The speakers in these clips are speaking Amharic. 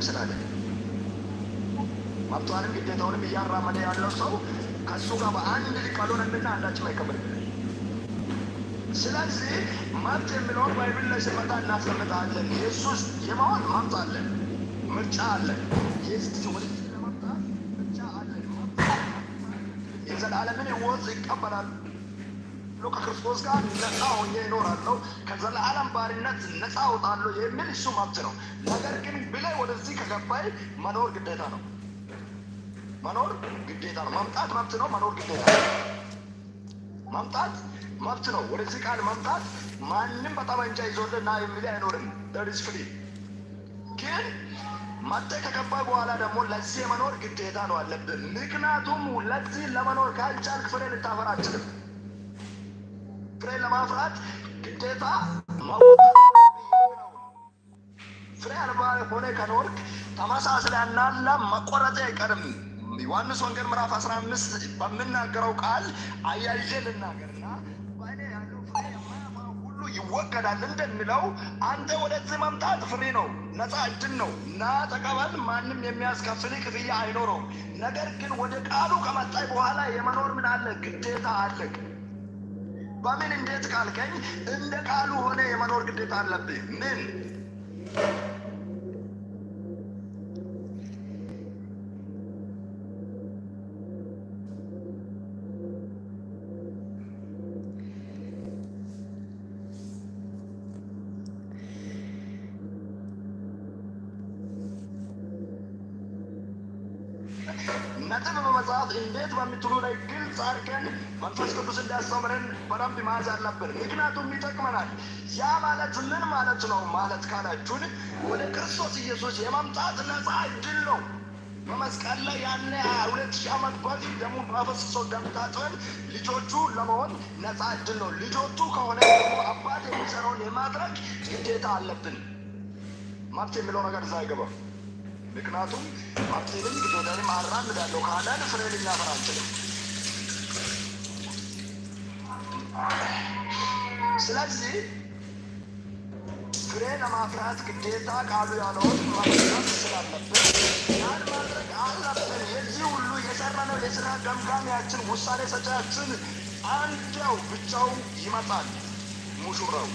መብትም ስላለ መብቷንም ግዴታውንም እያራመደ ያለው ሰው ከሱ ጋር በአንድ ካልሆነና አንዳችም አይቀበልም። ስለዚህ መብት የሚለውን ባይብል ላይ ስመጣ እናስቀምጣለን። ኢየሱስ የመሆን መብት አለን፣ ምርጫ አለን። ምርጫ አለን። የዘላለምን ሕይወት ይቀበላል። ከክርስቶስ ጋር ነፃ ሆኜ ይኖራለሁ ከዘላለም ባርነት ነፃ አውጣለሁ የሚል እሱ መብት ነው። ነገር ግን ብለህ ወደዚህ ከገባይ መኖር ግዴታ ነው። መኖር ግዴታ ነው። መምጣት መብት ነው። መኖር ግዴታ ነው። መምጣት መብት ነው። ወደዚህ ቃል መምጣት ማንም በጠመንጃ ይዞልን ና የሚል አይኖርም። ደሪስ ፍሪ ግን መጥተህ ከገባህ በኋላ ደግሞ ለዚህ የመኖር ግዴታ ነው አለብህ። ምክንያቱም ለዚህ ለመኖር ካልቻልክ ፍሬ ልታፈራ አችልም። ፍሬ ለማፍራት ግዴታ ፍሬ አልባ ሆነ ከኖርክ ተመሳስለ ያናላ መቆረጥ አይቀርም። ዮሐንስ ወንጌል ምዕራፍ 15 በምናገረው ቃል አያይዤ ልናገርና በእኔ ያለው ፍሬ የማያፈራ ሁሉ ይወገዳል እንደሚለው አንተ ወደዚህ መምጣት ፍሬ ነው፣ ነፃ እድል ነው ና ተቀበል። ማንም የሚያስከፍል ክፍያ አይኖረውም። ነገር ግን ወደ ቃሉ ከመጣይ በኋላ የመኖር ምን አለ ግዴታ አለ። በምን እንዴት ካልከኝ እንደ ቃሉ ሆነ የመኖር ግዴታ አለብህ ምን ያላችሁን ወደ ክርስቶስ ኢየሱስ የማምጣት ነፃ እድል ነው። በመስቀል ላይ ያኔ ሁለት ሺህ ዓመት በፊት ደግሞ አፈስሶ ደም ልጆቹ ለመሆን ነፃ እድል ነው። ልጆቹ ከሆነ ደግሞ አባት የሚሰራውን የማድረግ ግዴታ አለብን። መብት የሚለው ነገር እዛ አይገባም። ምክንያቱም መብቴንም ግዴታንም አራምዳለሁ ካለን ፍሬ ልናፈራ አንችልም። ስለዚህ ፍሬ ለማፍራት ግዴታ ቃሉ ያለውን ማድረግ ስላለብን ያን ማድረግ አለብን። የዚህ ሁሉ የሰራነው የስራ ገምጋሚያችን ውሳኔ ሰጫችን አንዲያው ብቻው ይመጣል ሙሽራው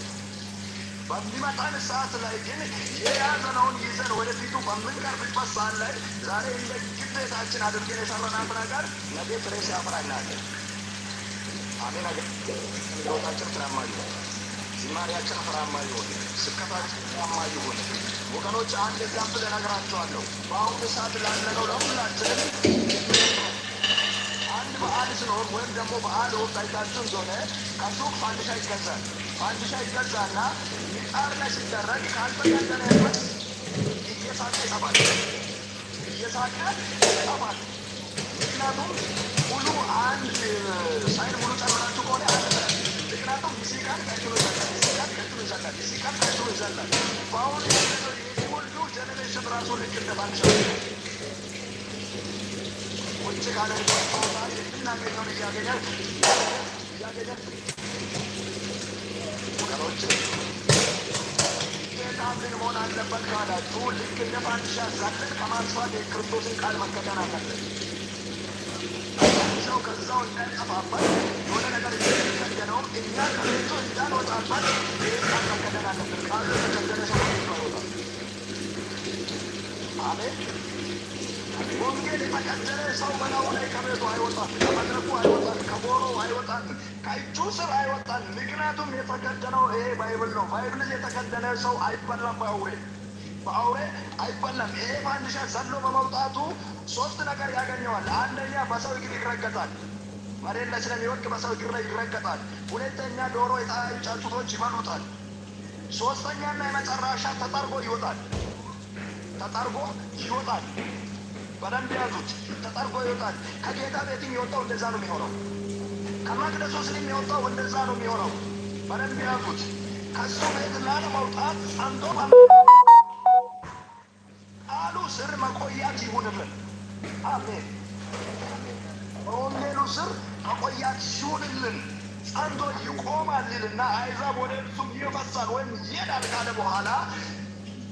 በሚመጣን ሰዓት ላይ ግን የያዘነውን ይዘን ወደፊቱ በምንቀርብበት ሰዓት ላይ ዛሬ እንደ ግዴታችን አድርገን የሰራናት ነገር ነገ ፍሬ ሲያፈራ እናያለን። አሜን። ነገ ህይወታችን ትናማኝ ዝማሪያችን ፍሬያማ ይሆን፣ ስብከታችን ፍሬያማ ይሆን። ወገኖች አንድ ኤግዛምፕል እነግራቸዋለሁ። በአሁኑ ሰዓት ላለነው ለሁላችን አንድ በዓል ሲኖር ወይም ደግሞ በዓል ወቃይታችሁን ዞነ ከሱቅ ፋንዲሻ ይገዛል። ፋንዲሻ ይገዛና ሚጣር ላይ ሲደረግ ካልተጋገነ ህበት እየሳቀ ይጠፋል፣ እየሳቀ ይጠፋል። ምክንያቱም ሙሉ አንድ ሳይን ሙሉ ጨምራችሁ ከሆነ አለ ምክንያቱም እዚህ ጋር ቀጥሎ ይዛላል፣ እዚህ ጋር ቀጥሎ ይዛላል፣ እዚህ ጋር ቀጥሎ ይዛላል። በአሁኑ የሚወልዱ ጀኔሬሽን ራሱ ልክ እንደባቸው ውጭ ካለ የምናገኘውን እያገኛል እያገኛል ወገኖች መሆን አለበት ካላችሁ ልክ እንደ ፋንዲሻ ዛለን ከማስፋት የክርስቶስን ቃል መከተል አለበት። ወንጌል የተቀደለ ሰው በላው ላይ ከቤቱ አይወጣም፣ ከመድረኩ አይወጣም፣ ከቦሮ አይወጣም፣ ከእጁ ስር አይወጣም። ምክንያቱም የተገደለው ይሄ ባይብል ነው። ባይብል የተገደለ ሰው አይበላም፣ በአውሬ በአውሬ አይበላም። ይሄ ፋንድሻ ዘሎ በመውጣቱ ሶስት ነገር ያገኘዋል። አንደኛ በሰው እግር ይረገጣል። መሬት ላይ ስለሚወድቅ በሰው እግር ላይ ይረገጣል። ሁለተኛ ዶሮ የተለያዩ ጫጩቶች ይበሉታል። ሶስተኛና የመጨረሻ ተጠርጎ ይወጣል። ተጠርጎ ይወጣል። በደንብ ያዙት። ተጠርጎ ይወጣል። ከጌታ ቤት የሚወጣው እንደዛ ነው የሚሆነው። ከመቅደሱ ስል የሚወጣው እንደዛ ነው የሚሆነው። በደንብ ያዙት። ከሱ ቤት ላለመውጣት ጸንቶ ቃሉ ስር መቆያት ይሁንልን። አሜን። በወንጌሉ ስር ሲሆንልን ጸንቶ ይቆማልና አይዛብ ወደ እርሱም ይፈሳል ወይም ይሄዳል ካለ በኋላ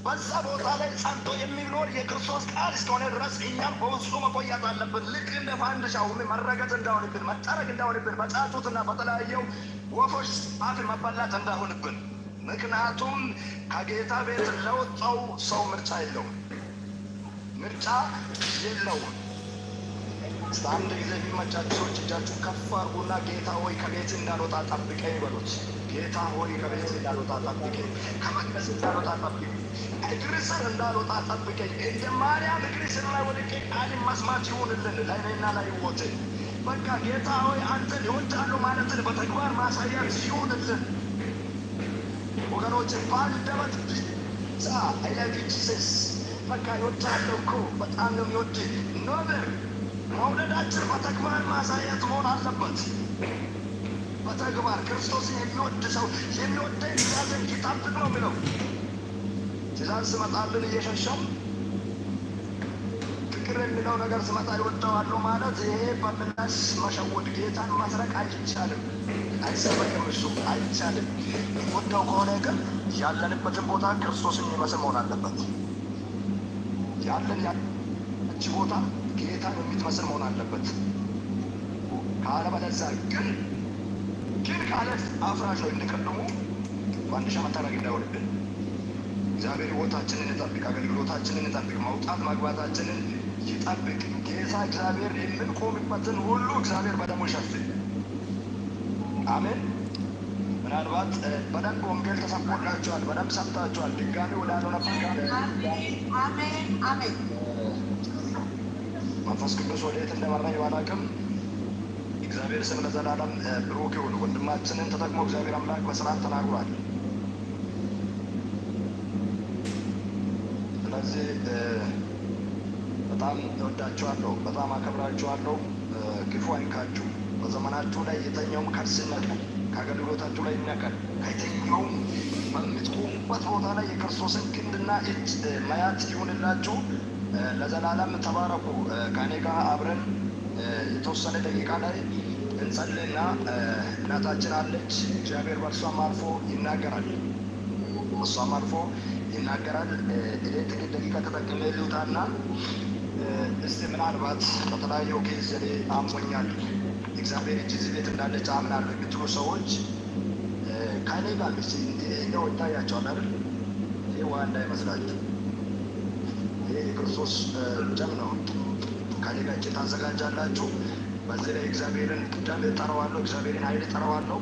በዛ ቦታ ላይ ጸንቶ የሚኖር የክርስቶስ ቃል እስከሆነ ድረስ እኛም በውስጡ መቆያት አለብን። ልክ እንደ ፋንድሻ ሁሉ መረገጥ እንዳሆንብን፣ መጠረግ እንዳሆንብን፣ በጫጩትና በተለያየው ወፎች አፍ መበላት እንዳሆንብን። ምክንያቱም ከጌታ ቤት ለወጣው ሰው ምርጫ የለውም፣ ምርጫ የለውም። እስከ አንድ ጊዜ ቢመቻችሁ ሰዎች እጃችሁ ከፍ አርጉና ጌታ ሆይ ከቤት እንዳልወጣ ጠብቀኝ በሉት። ጌታ ሆይ ከቤት እንዳልወጣ ጠብቀኝ፣ ከመቅደስ እንዳልወጣ ጠብቀኝ፣ እግር ስር እንዳልወጣ ጠብቀኝ። እንደ ማርያም እግር ስር ላይ ወድቄ ቃል መስማት ይሁንልን ላይኔና ላይ ሞት በቃ ጌታ ሆይ አንተን ይወዳሉ ማለትን በተግባር ማሳያ ይሁንልን ወገኖችን በአንደበት ዛ አይለፊ ጂሰስ በቃ ይወዳለሁ እኮ በጣም ነው የሚወድ ኖበር መውደዳችን በተግባር ማሳየት መሆን አለበት። በተግባር ክርስቶስ የሚወድ ሰው የሚወደ ትእዛዝን ይጠብቅ ነው የሚለው። ትእዛዝ ስመጣልን እየሸሸም ፍቅር የሚለው ነገር ስመጣ ይወደዋሉ ማለት ይሄ በምላስ መሸወድ፣ ጌታን መስረቅ አይቻልም። አይሰረቅም፣ እሱ አይቻልም። ወደው ከሆነ ግን ያለንበትን ቦታ ክርስቶስን የሚመስል መሆን አለበት። ያለን ያቺ ቦታ ጌታ የምትመስል መሆን አለበት። ካለበለዚያ ግን ግን ካለ አፍራሽ ወይ እንደቀደሙ ማንደሻ መታረግ እንዳይሆንብን እግዚአብሔር ህይወታችንን ይጠብቅ፣ አገልግሎታችንን ይጠብቅ፣ መውጣት ማግባታችንን ይጠብቅ። ጌታ እግዚአብሔር የምንቆምበትን ሁሉ እግዚአብሔር በደሞ ሸፍን። አሜን። ምናልባት በደንብ ወንጌል ተሰብኮላችኋል፣ በደንብ ሰምታችኋል። ድጋሚ ወዳልሆነ አሜን አሜን መንፈስ ቅዱስ ወዴት እንደመራኝ ባላውቅም እግዚአብሔር ስም ለዘላለም ብሩክ ይሁን። ወንድማችንን ተጠቅሞ እግዚአብሔር አምላክ በስርዓት ተናግሯል። ስለዚህ በጣም እወዳችኋለሁ፣ በጣም አከብራችኋለሁ። ክፉ አይንካችሁ። በዘመናችሁ ላይ የተኛውም ከርስ ይነቃል፣ ከአገልግሎታችሁ ላይ ይነቃል። ከየትኛውም በምትቆሙበት ቦታ ላይ የክርስቶስን ክንድና እጅ መያዝ ይሁንላችሁ። ለዘላለም ተባረኩ። ከኔ ጋር አብረን የተወሰነ ደቂቃ ላይ እንጸልይና እናታችን አለች። እግዚአብሔር በእርሷም አልፎ ይናገራል፣ እሷም አልፎ ይናገራል። እኔ ጥቂት ደቂቃ ተጠቅሜ ልውጣና እስቲ ምናልባት በተለያየ ኬዝ እኔ አሞኛል፣ እግዚአብሔር እጅ እዚህ ቤት እንዳለች አምናለሁ የምትሉ ሰዎች ከኔ ጋር ልጅ እኛ ወጣ አይደል? ይህ ዋና ይመስላችሁ ይህ የክርስቶስ ደም ነው። ከኔ ጋር እጅ ታዘጋጃላችሁ። በዚህ ላይ እግዚአብሔርን ደም እጠራዋለሁ፣ እግዚአብሔርን ኃይል እጠራዋለሁ።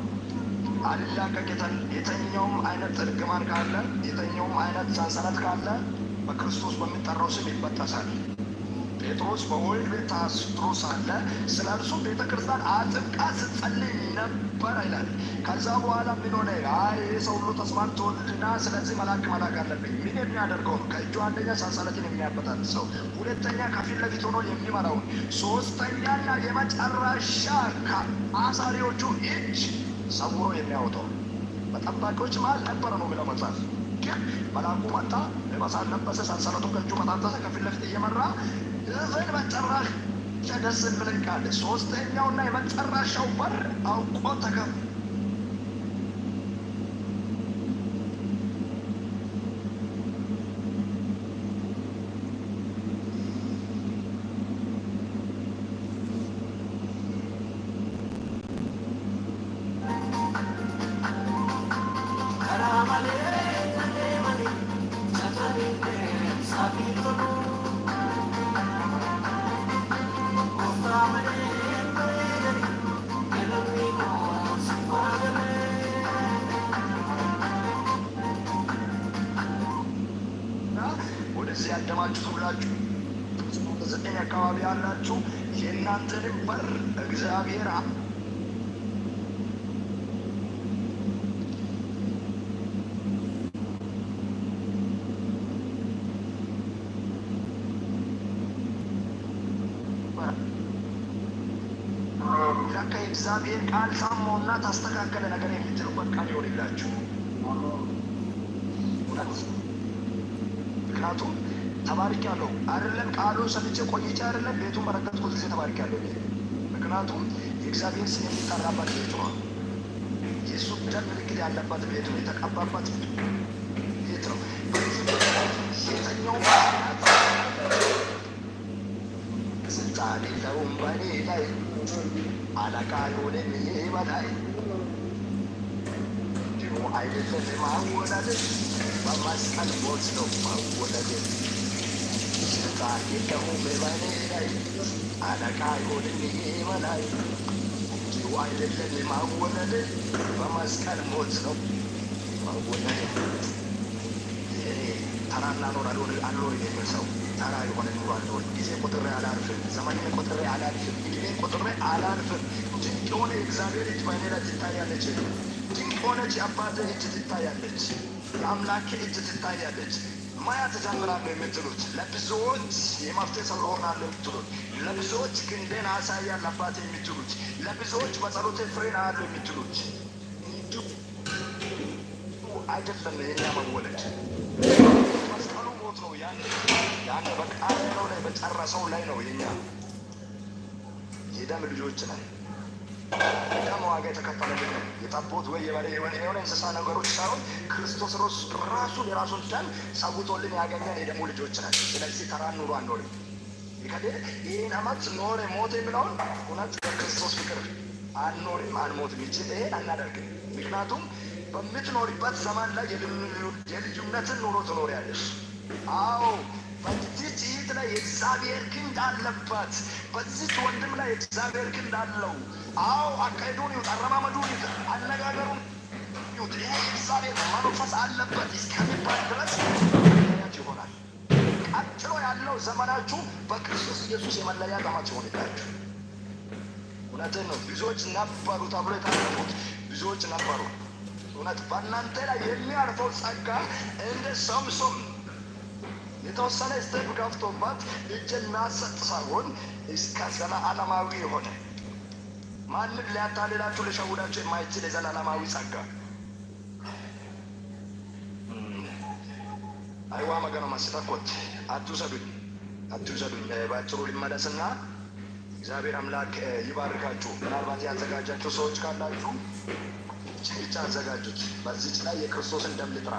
አልላቀቅ የተኛውም አይነት እርግማን ካለ፣ የተኛውም አይነት ሰንሰለት ካለ በክርስቶስ በሚጠራው ስም ይበጠሳል። ጴጥሮስ በወልድ ቤት ታስሮ ሳለ ስለ እርሱ ቤተክርስቲያን አጥብቃ ስትጸልይ ነበር። ይባል አይላል። ከዛ በኋላ ምን ሆነ? አይ ይህ ሰው ሁሉ ተስማምቶልና ስለዚህ መላክ መላክ አለብኝ። ምን የሚያደርገው ነው? ከእጁ አንደኛ ሰንሰለትን የሚያበጣት ሰው፣ ሁለተኛ ከፊት ለፊት ሆኖ የሚመራውን፣ ሶስተኛና የመጨረሻ ከአሳሪዎቹ እጅ ሰውሮ የሚያወጣው በጠባቂዎች መሀል ነበረ ነው ብለው መጽሐፍ። ግን መላኩ መጣ፣ ልባስ ለበሰ፣ ሰንሰለቱን ከእጁ መጣጠሰ፣ ከፊት ለፊት እየመራ እፍን መጨረሻ ተደስ ቃል ሶስተኛውና የመጨረሻው በር አውቆ ተከፍ የቀደማችሁት ሁላችሁ ዘጠኝ አካባቢ ያላችሁ የእናንተንም በር እግዚአብሔር እግዚአብሔር ቃል ሳሞ እና ታስተካከለ ነገር የምትሉበት ቃል ይሆንላችሁ። ምክንያቱም ተባርክ ያለው አይደለም። ቃሉን ሰምቼ ቆይቼ አይደለም ቤቱን በረከትኩት ጊዜ ተባርክ ያለው። ምክንያቱም የእግዚአብሔር ስም የሚጠራባት ቤቱ ነው። የእሱ ደም ምልክት ያለባት ቤቱ የተቀባባት ቤት ነው። በዚህ ምክንያት ስልጣን የለውም በእኔ ላይ አለቃ የሆነም ይሄ በላይ እንዲሁ አይደለም። ማወለድ በመስቀል ሞት ነው ማወለድ ባንዲቀው በበኔ ላይ አለቃ ይሆንን ይሄ በላይ አይደለም ማወለድ በመስቀል ሞት ነው ማወለድ ተራና ኖር አልኖር የሚል ሰው ተራ የሆነ ኑሮ አልኖር ጊዜ ቁጥሬ አላልፍም፣ ዘመኔ ቁጥሬ አላልፍም፣ እድሜ ቁጥሬ አላልፍም። ድንቅ የሆነ እግዚአብሔር እጅ በእኔ ላይ ትታያለች። ድንቅ የሆነች የአባትህ እጅ ትታያለች። የአምላክ እጅ ትታያለች። ማያ ትጀምራለህ የምትሉት ለብዙዎች የመፍትሄ ሰው እሆናለሁ የምትሉት ለብዙዎች ግንዴን አሳያል አባቴ የምትሉት ለብዙዎች በጸሎቴ ፍሬን አያለሁ የምትሉት እንዲሁ አይደለም። የእኛ መወለድ መስቀሉ ሞት ነው። ያን ያን በቃ ነው ላይ በጨረሰው ላይ ነው የኛ የደም ልጆች ነን። ደም ዋጋ የተከፈለልን የጠቦት ወይ የበሬ የሆነ እንስሳ ነገሮች ሳይሆን ክርስቶስ ራሱን የራሱን ደም ሰውቶልን ያገኘን የደሙ ልጆች ናቸው። ስለዚህ ተራ ኑሮ አንኖርም። ይህን አመት ኖረ ሞት የሚለውን እውነት በክርስቶስ ፍቅር አንኖርም፣ አንሞትም። ይችል ይሄን አናደርግም። ምክንያቱም በምትኖሪበት ዘመን ላይ የልዩነትን ኑሮ ትኖሪያለሽ። አዎ በዚች እህት ላይ የእግዚአብሔር ክንድ አለበት በዚች ወንድም ላይ እግዚአብሔር ክንድ አለው። አዎ አካሄዱን ይሁት፣ አረማመዱን ይሁት፣ አነጋገሩን ይሁት፣ ይሄ እግዚአብሔር መንፈስ አለበት እስከሚባል ድረስ ያቸው ይሆናል። ቀጥሎ ያለው ዘመናችሁ በክርስቶስ ኢየሱስ የመለያ ቀማቸው ሆነላችሁ። እውነትን ነው። ብዙዎች ነበሩ ተብሎ የታለፉት ብዙዎች ነበሩ። እውነት በእናንተ ላይ የሚያርፈው ጸጋ እንደ ሰምሶን የተወሰነ ስቴፕ ገብቶባት እጅና ሰጥ ሳይሆን እስከ ዘላ የሆነ ማንም ሊያታልላችሁ ሊሸውዳችሁ የማይችል የዘላለማዊ ጸጋ አይዋ መገኖ ማስጠቆት አትውሰዱኝ፣ አትውሰዱኝ። በአጭሩ ልመለስና እግዚአብሔር አምላክ ይባርካችሁ። ምናልባት ያዘጋጃችሁ ሰዎች ካላችሁ ችግቻ አዘጋጁት። በዚች ላይ የክርስቶስን ደም ልጥራ፣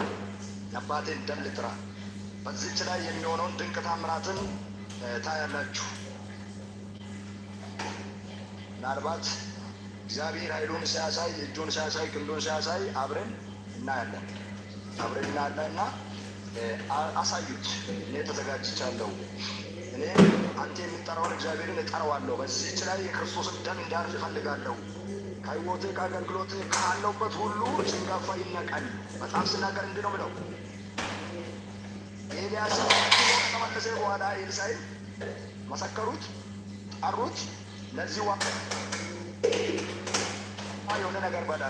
የአባቴን ደም ልጥራ በዚች ላይ የሚሆነውን ድንቅ ታምራትን ታያላችሁ። ምናልባት እግዚአብሔር ኃይሉን ሲያሳይ፣ እጁን ሲያሳይ፣ ክንዱን ሲያሳይ አብረን እናያለን አብረን እናያለን እና አሳዩት። እኔ ተዘጋጅቻለሁ። እኔ አንተ የምጠራውን እግዚአብሔርን እጠራዋለሁ። በዚች ላይ የክርስቶስን ደም እንዳርፍ እፈልጋለሁ። ከህይወትህ፣ ከአገልግሎትህ፣ ካለውበት ሁሉ ጭንጋፋ ይነቃል። በጣም ስናገር እንዲህ ነው ብለው ኤልያስ ከተመለሰ በኋላ ኤልሳዕን መሰከሩት፣ ጠሩት። ለዚህ ውሃ የሆነ ነገር በል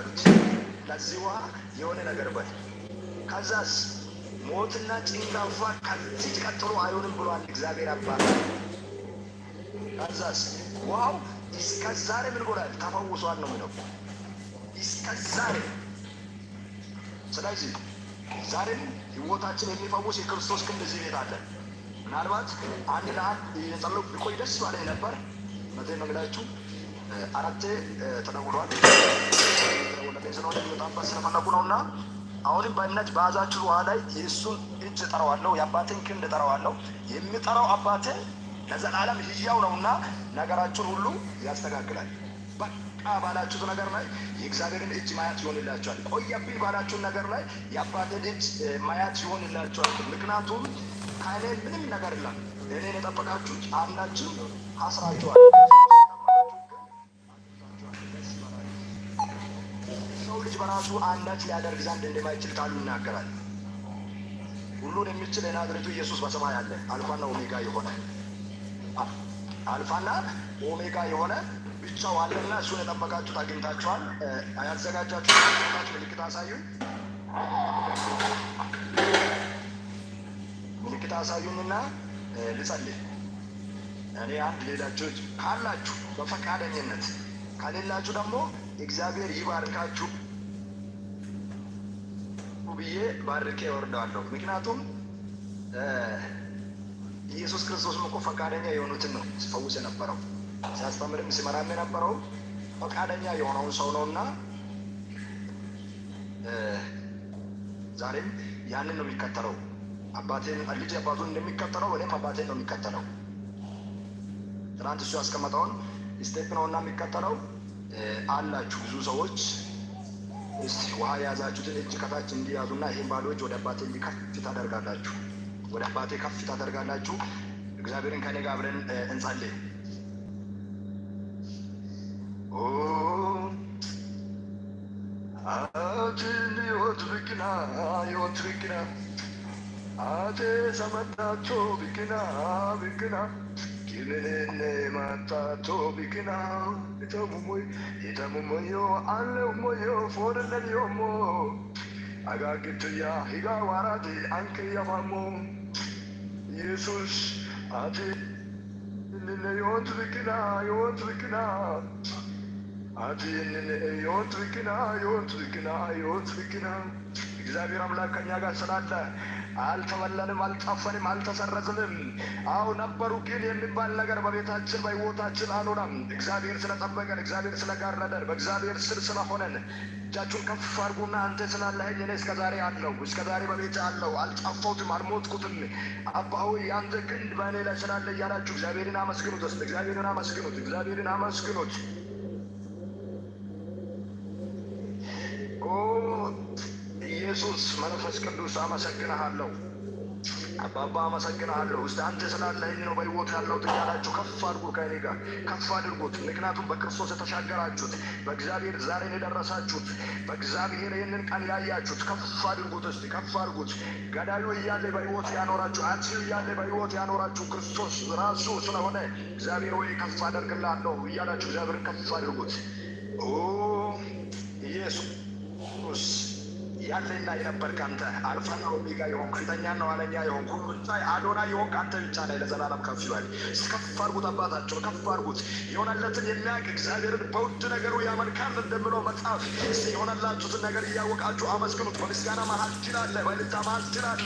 ለዚህ ውሃ የሆነ ነገር በል። ከዛስ ሞትና ጭንጋፋ ከዚህ ቀጥሎ አይሆንም ብሏል እግዚአብሔር አባት። ከዛስ ውሃው እስከ ዛሬ ምን ብሏል? ተፈውሷል ነው የሚለው እስከ ዛሬ። ስለዚህ ዛሬም ህይወታችን የሚፈውስ የክርስቶስ ክንድ እዚህ ቤት አለ። ምናልባት አንድ ለአንድ የጸለው ቢቆይ ደስ ባለኝ ነበር። መቴ መግዳችሁ አራቴ ተደውሏል። ተደውለልኝ ስለሆነ ስለፈለጉ ነው እና አሁንም በእምነት በያዛችሁ ውሃ ላይ የእሱን እጅ እጠራዋለሁ፣ የአባትን ክንድ እጠራዋለሁ። የሚጠራው አባትን ለዘላለም ህያው ነው እና ነገራችሁን ሁሉ ያስተካክላል። ባላችሁት ነገር ላይ የእግዚአብሔርን እጅ ማያት ይሆንላቸዋል። ቆየብኝ ባላችሁን ነገር ላይ የአባትን እጅ ማያት ይሆንላቸዋል። ምክንያቱም ከእኔ ምንም ነገር ላ እኔን የጠበቃችሁ አንዳችን አስራችኋል። ሰው ልጅ በራሱ አንዳች ሊያደርግ ዘንድ እንደማይችል ቃሉ ይናገራል። ሁሉን የሚችል የናዝሬቱ ኢየሱስ በሰማይ አለ። አልፋና ኦሜጋ የሆነ አልፋና ኦሜጋ የሆነ ብቻው አለና እሱን የጠበቃችሁት አግኝታችኋል። ያዘጋጃችሁት ምልክት አሳዩኝ፣ ምልክት አሳዩንና ልጸልይ። እኔ አንድ ሌላችሁ ካላችሁ በፈቃደኝነት ከሌላችሁ ደግሞ እግዚአብሔር ይባርካችሁ ብዬ ባርኬ እወርዳለሁ። ምክንያቱም ኢየሱስ ክርስቶስም እኮ ፈቃደኛ የሆኑትን ነው ሲፈውስ የነበረው። ሲያስተምርም ሲመራም የነበረው ፈቃደኛ የሆነውን ሰው ነው እና ዛሬም ያንን ነው የሚከተለው። አባቴን ልጅ አባቱን እንደሚከተለው ወይም አባቴን ነው የሚከተለው። ትናንት እሱ ያስቀመጠውን ስቴፕ ነው እና የሚከተለው አላችሁ ብዙ ሰዎች እስቲ ውሃ የያዛችሁትን እጅ ከታች እንዲያዙና ይህን ባዶች ወደ አባቴ እንዲከፍ ታደርጋላችሁ፣ ወደ አባቴ ከፍ ታደርጋላችሁ። እግዚአብሔርን ከኔ ጋር አብረን እንጸልይ። አትን ሕይወት ብቅና ሕይወት ብቅና አቴ ሰመታቶ ብቅና ብቅና ኪምንነ ማታቶ ብቅና ይተሙሞይ ይተሙሞዮ አለሞዮ ፎርነልዮሞ አጋግትያ ሂጋ ዋራት አንክያፋሞ ኢየሱስ አቴ ሕይወት ብቅና ሕይወት ብቅና አብ ይህንን የወትርክና የወትርክና የወትርክና እግዚአብሔር አምላክ ከኛ ጋር ስላለ አልተበለንም፣ አልጠፈንም፣ አልተሰረዝንም። አሁ ነበሩ ግን የሚባል ነገር በቤታችን በህይወታችን አልሆነም። እግዚአብሔር ስለጠበቀን፣ እግዚአብሔር ስለጋረደን፣ በእግዚአብሔር ስር ስለሆነን እጃችሁን ከፍ አድርጉና አንተ ስላለኸኝ እኔ እስከ ዛሬ አለው እስከ ዛሬ በቤት አለው አልጠፋሁትም፣ አልሞትኩትም። አባሁ ሆይ አንተ ክንድ በእኔ ላይ ስላለ እያላችሁ እግዚአብሔርን አመስግኑት። እግዚአብሔርን አመስግኑት። እግዚአብሔርን አመስግኑት። ኦ ኢየሱስ መንፈስ ቅዱስ አመሰግንሃለሁ። አባባ አመሰግናለሁ። እስቲ አንተ ስላለኝ ነው በህይወት ያለሁት እያላችሁ ከፍ አድርጉ፣ ከእኔ ጋር ከፍ አድርጉት። ምክንያቱም በክርስቶስ የተሻገራችሁት፣ በእግዚአብሔር ዛሬን የደረሳችሁት፣ በእግዚአብሔር ይህንን ቀን ያያችሁት ከፍ አድርጉት። እስቲ ከፍ አድርጉት። ገዳዩ እያለ በህይወት ያኖራችሁ፣ አጥፊው እያለ በህይወት ያኖራችሁ ክርስቶስ ራሱ ስለሆነ እግዚአብሔር ወይ ከፍ አደርግላለሁ እያላችሁ እግዚአብሔርን ከፍ አድርጉት ኢየሱስ Oh, shit. ያለና የነበርክ አንተ አልፋና ኦሜጋ የሆንክ ፊተኛና ኋለኛ የሆንክ ሁሉን ቻይ አዶና የሆንክ አንተ ብቻ ላይ ለዘላለም ከፍ ይላል። ከፍ አድርጉት፣ አባታቸው ከፍ አድርጉት። የሆነለትን የሚያውቅ እግዚአብሔርን በውድ ነገሩ ያመልካል እንደምለው መጽሐፍ ስ የሆነላችሁትን ነገር እያወቃችሁ አመስግኑት። በምስጋና መሀል ችላለ፣ በልታ መሀል ችላለ።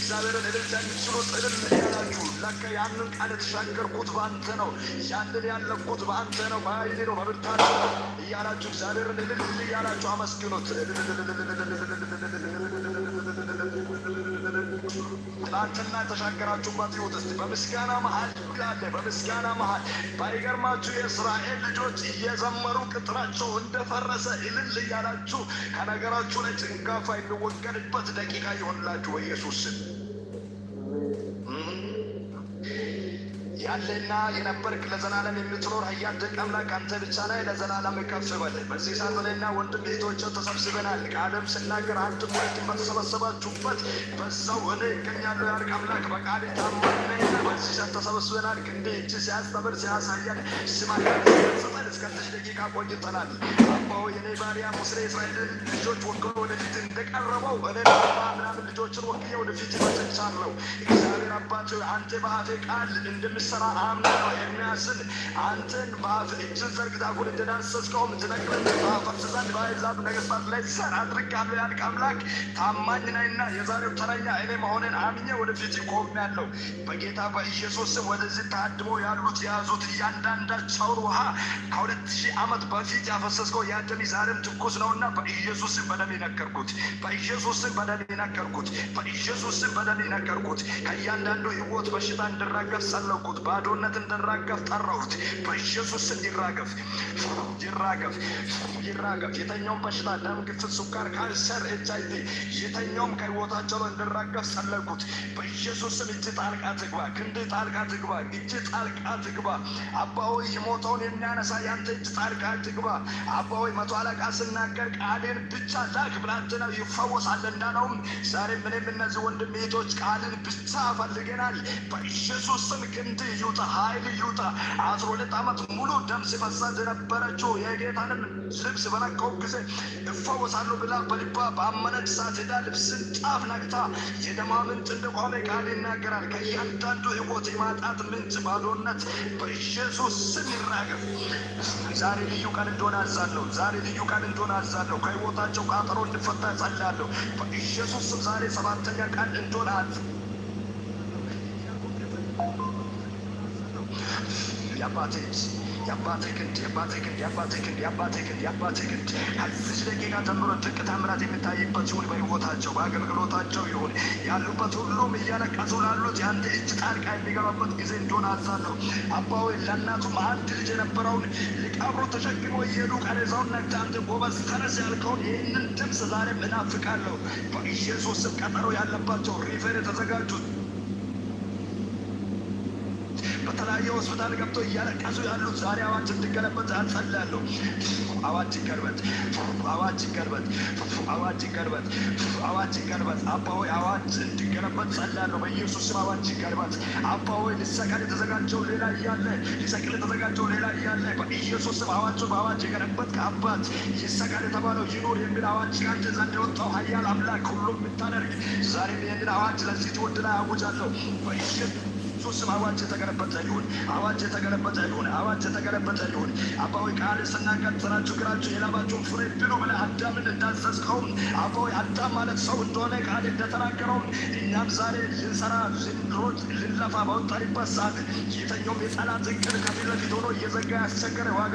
እግዚአብሔርን እልልታ የሚችሉት ጥልል ያላችሁ ለከ ያንን ቃል የተሻገርኩት በአንተ ነው፣ ያንን ያለኩት በአንተ ነው፣ በኃይሌ ነው፣ በብርታት ነው እያላችሁ እግዚአብሔርን እልል እያላችሁ አመስግኑት። ትላንትና የተሻገራችሁባት ህይወት እስቲ በምስጋና መሀል አለ። በምስጋና መሀል ባይገርማችሁ የእስራኤል ልጆች እየዘመሩ ቅጥራቸው እንደፈረሰ እልል እያላችሁ ከነገራችሁ ላይ ጭንጋፋ የሚወገድበት ደቂቃ ይሆንላችሁ በኢየሱስ ስም። ያለና የነበርክ ለዘላለም የምትኖር ኃያል ደግ አምላክ አንተ ብቻ ላይ ለዘላለም ከፍ በል። በዚህ ሰዓት እኔና ወንድም እህቶቼ ተሰብስበናል። ቃልም ስናገር አንድ ሁለትም በተሰበሰባችሁበት በዛው እኔ እገኛለሁ ያልክ አምላክ በቃል ታማኝ በዚህ ሰዓት ተሰበስበናል። ክንዴ እጅ ሲያስተምር ሲያሳያል ስማካል ሲያሰጠን እስከዚህ ደቂቃ ቆይተናል። አባው የኔ ባሪያ ሙሴ እስራኤልን ልጆች ወክሎ ወደፊት እንደቀረበው እኔ ምናምን ልጆችን ወክዬ ወደፊት ይመጥቻለሁ። እግዚአብሔር አባቸው አንተ በአፌ ቃል እንደምሳ የሚሰራ አምላክ ነው የሚያስል አንተን በአፍ እጅን ዘርግታ ሁን እንደዳሰስከውም ትነቅለን በአፈር ስዛን በአሕዛብ ላይ ሰር አድርጌሃለሁ ያልክ አምላክ ታማኝ ነህና የዛሬው ተረኛ እኔ መሆንን አምኜ ወደፊት ቆሜያለሁ። በጌታ በኢየሱስ ስም ወደዚህ ታድሞ ያሉት የያዙት እያንዳንዳቸውን ውሃ ከሁለት ሺህ ዓመት በፊት ያፈሰስከው ያ ዛሬም ትኩስ ነውና በኢየሱስ ስም በደም ይነከርኩት፣ በኢየሱስ ስም በደም ይነከርኩት፣ በኢየሱስ ስም በደም ይነከርኩት። ከእያንዳንዱ ሕይወት በሽታ እንድራገፍ ሰለኩት። ባዶነት እንድራገፍ ጠራሁት። በኢየሱስ እንዲራገፍ ይራገፍ ይራገፍ። የተኛውም በሽታ፣ ደም ግፊት፣ ሱካር፣ ካንሰር፣ ኤች አይ ቪ የተኛውም ከህይወታቸው ላይ እንድራገፍ ጸለኩት። በኢየሱስም እጅ ጣልቃ ትግባ፣ ክንድ ጣልቃ ትግባ፣ እጅ ጣልቃ ትግባ። አባሆይ የሞተውን የሚያነሳ ያንተ እጅ ጣልቃ ትግባ። አባሆይ መቶ አለቃ ስናገር ቃሌን ብቻ ላክ ብላትና ይፈወሳል እንዳለውም ዛሬ ምንም እነዚህ ወንድም እህቶች ቃልን ብቻ ፈልገናል። በኢየሱስም ክንድ ይውጣ፣ ኃይል ይውጣ። አስራ ሁለት ዓመት ሙሉ ደም ሲፈሳት የነበረችው የጌታንን ልብስ በነካው ጊዜ እፈወሳለሁ ብላ በልባ በአመነች ሰዓት ሄዳ ልብስን ጣፍ ነክታ የደማ ምንጭ እንደቆመ ቃል ይናገራል። ከእያንዳንዱ ህይወት የማጣት ምንጭ ባዶነት በኢየሱስ ስም ይራገፍ። ዛሬ ልዩ ቀን እንደሆነ አዛለሁ። ዛሬ ልዩ ቀን እንደሆነ አዛለሁ። ከህይወታቸው ቃጠሮ እንድፈታ ጸላለሁ በኢየሱስ ስም ዛሬ ሰባተኛ ቀን እንደሆነ አዝ የአባትህ እጅ፣ የአባትህ ክንድ፣ የአባትህ ክንድ፣ ደቂቃ ጀምሮ ድንቅ ታምራት የሚታይበት ይሁን። በህይወታቸው በአገልግሎታቸው ይሁን ያሉበት ሁሉም እያለቀሱ ላሉት የአንተ እጅ ጣልቃ የሚገባበት ጊዜ እንደሆነ አዛለሁ። አባዊ ለእናቱም አንድ ልጅ የነበረውን ሊቀብሩ ተሸክሞ እየሄዱ ቀሬዛውን ነግተህ አንተ ጎበዝ ተነስ ያልከውን ይህንን ድምፅ ዛሬም እናፍቃለሁ። በኢየሱስ ቀጠሮ ያለባቸው ሪፌር የተዘጋጁት በተለያየ ሆስፒታል ገብቶ እያለቀሱ ያሉት ዛሬ አዋጅ እንድገለበት አንጸልያለሁ። አዋጅ ይገልበት፣ አዋጅ ይገልበት፣ አዋጅ ይገልበት፣ አዋጅ ይገልበት። አባ ሆይ አዋጅ እንድገለበት ጸልያለሁ። በኢየሱስ ስም አዋጅ ይገልበት። አባ ሆይ ሊሰቀል የተዘጋጀው ሌላ እያለ ሊሰቅል የተዘጋጀው ሌላ እያለ በኢየሱስ ስም አዋጁ በአዋጅ የገለበጥ ከአባት ይሰቀል የተባለው ይኑር የሚል አዋጅ አንድ ዘንድ የወጣው ኃያል አምላክ ሁሉም የምታደርግ ዛሬም ይህንን አዋጅ ለዚህ ትውልድ ላይ አውጃለሁ። በኢየሱስ በኢየሱስ ስም አዋጅ የተገለበጠ ይሁን፣ አዋጅ የተገለበጠ ይሁን፣ አዋጅ የተገለበጠ ይሁን። አባዊ ቃል ስናገር ጥራችሁ ግራችሁ የላባችሁን ፍሬ ብሉ ብለህ አዳምን እንዳዘዝከውን አባዊ አዳም ማለት ሰው እንደሆነ ቃል እንደተናገረውን እኛም ዛሬ ልንሰራ ልንሮጥ ልንለፋ ባወጣንበት ሰዓት የተኛውም የጠላት እቅድ ከፊት ለፊት ሆኖ እየዘጋ ያስቸገረ ዋጋ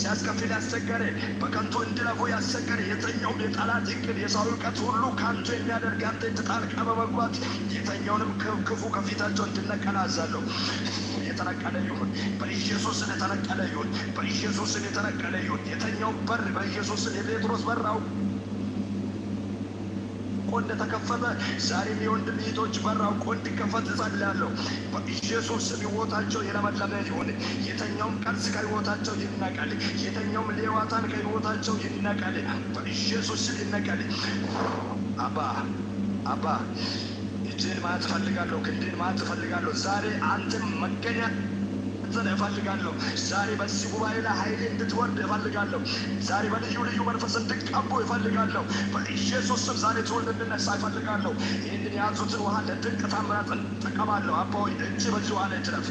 ሲያስከፍል ያስቸገረ በከንቱ እንዲለፉ ያስቸገረ የተኛውም የጠላት እቅድ የሰው እውቀት ሁሉ ከንቱ የሚያደርግ አንተ ጣልቃ በመግባት የተኛውንም ክፉ ከፊታቸው እንድነቀል አዛለሁ። የተነቀለ ይሁን በኢየሱስን የተነቀለ ይሁን በኢየሱስን የተነቀለ ይሁን። የተኛው በር በኢየሱስን የጴጥሮስ በራው አውቆ እንደተከፈተ ዛሬም የወንድም እህቶች በር አውቆ እንዲከፈት እጸልያለሁ። በኢየሱስ ሕይወታቸው የለመለመ ይሁን። የተኛውም ቀርስ ከሕይወታቸው ይነቀል። የተኛውም ሌዋታን ከሕይወታቸው ይነቀል። በኢየሱስ ይነቀል። አባ አባ እጅህን ማለት እፈልጋለሁ፣ ክንድህን ማለት እፈልጋለሁ። ዛሬ አንተን መገኛ እፈልጋለሁ ዛሬ በዚህ ጉባኤ ላይ ኃይሌ እንድትወርድ እፈልጋለሁ። ዛሬ በልዩ ልዩ መንፈስ እንድቀቡ እፈልጋለሁ። በኢየሱስ ስም ዛሬ ትውልድ እንድነሳ እፈልጋለሁ። ይህንን የያዙትን ውሃ ለድንቅ ታምራት እጠቀማለሁ። አባ ሆይ እጅ በዚህ ውሃ ላይ ትለፍ።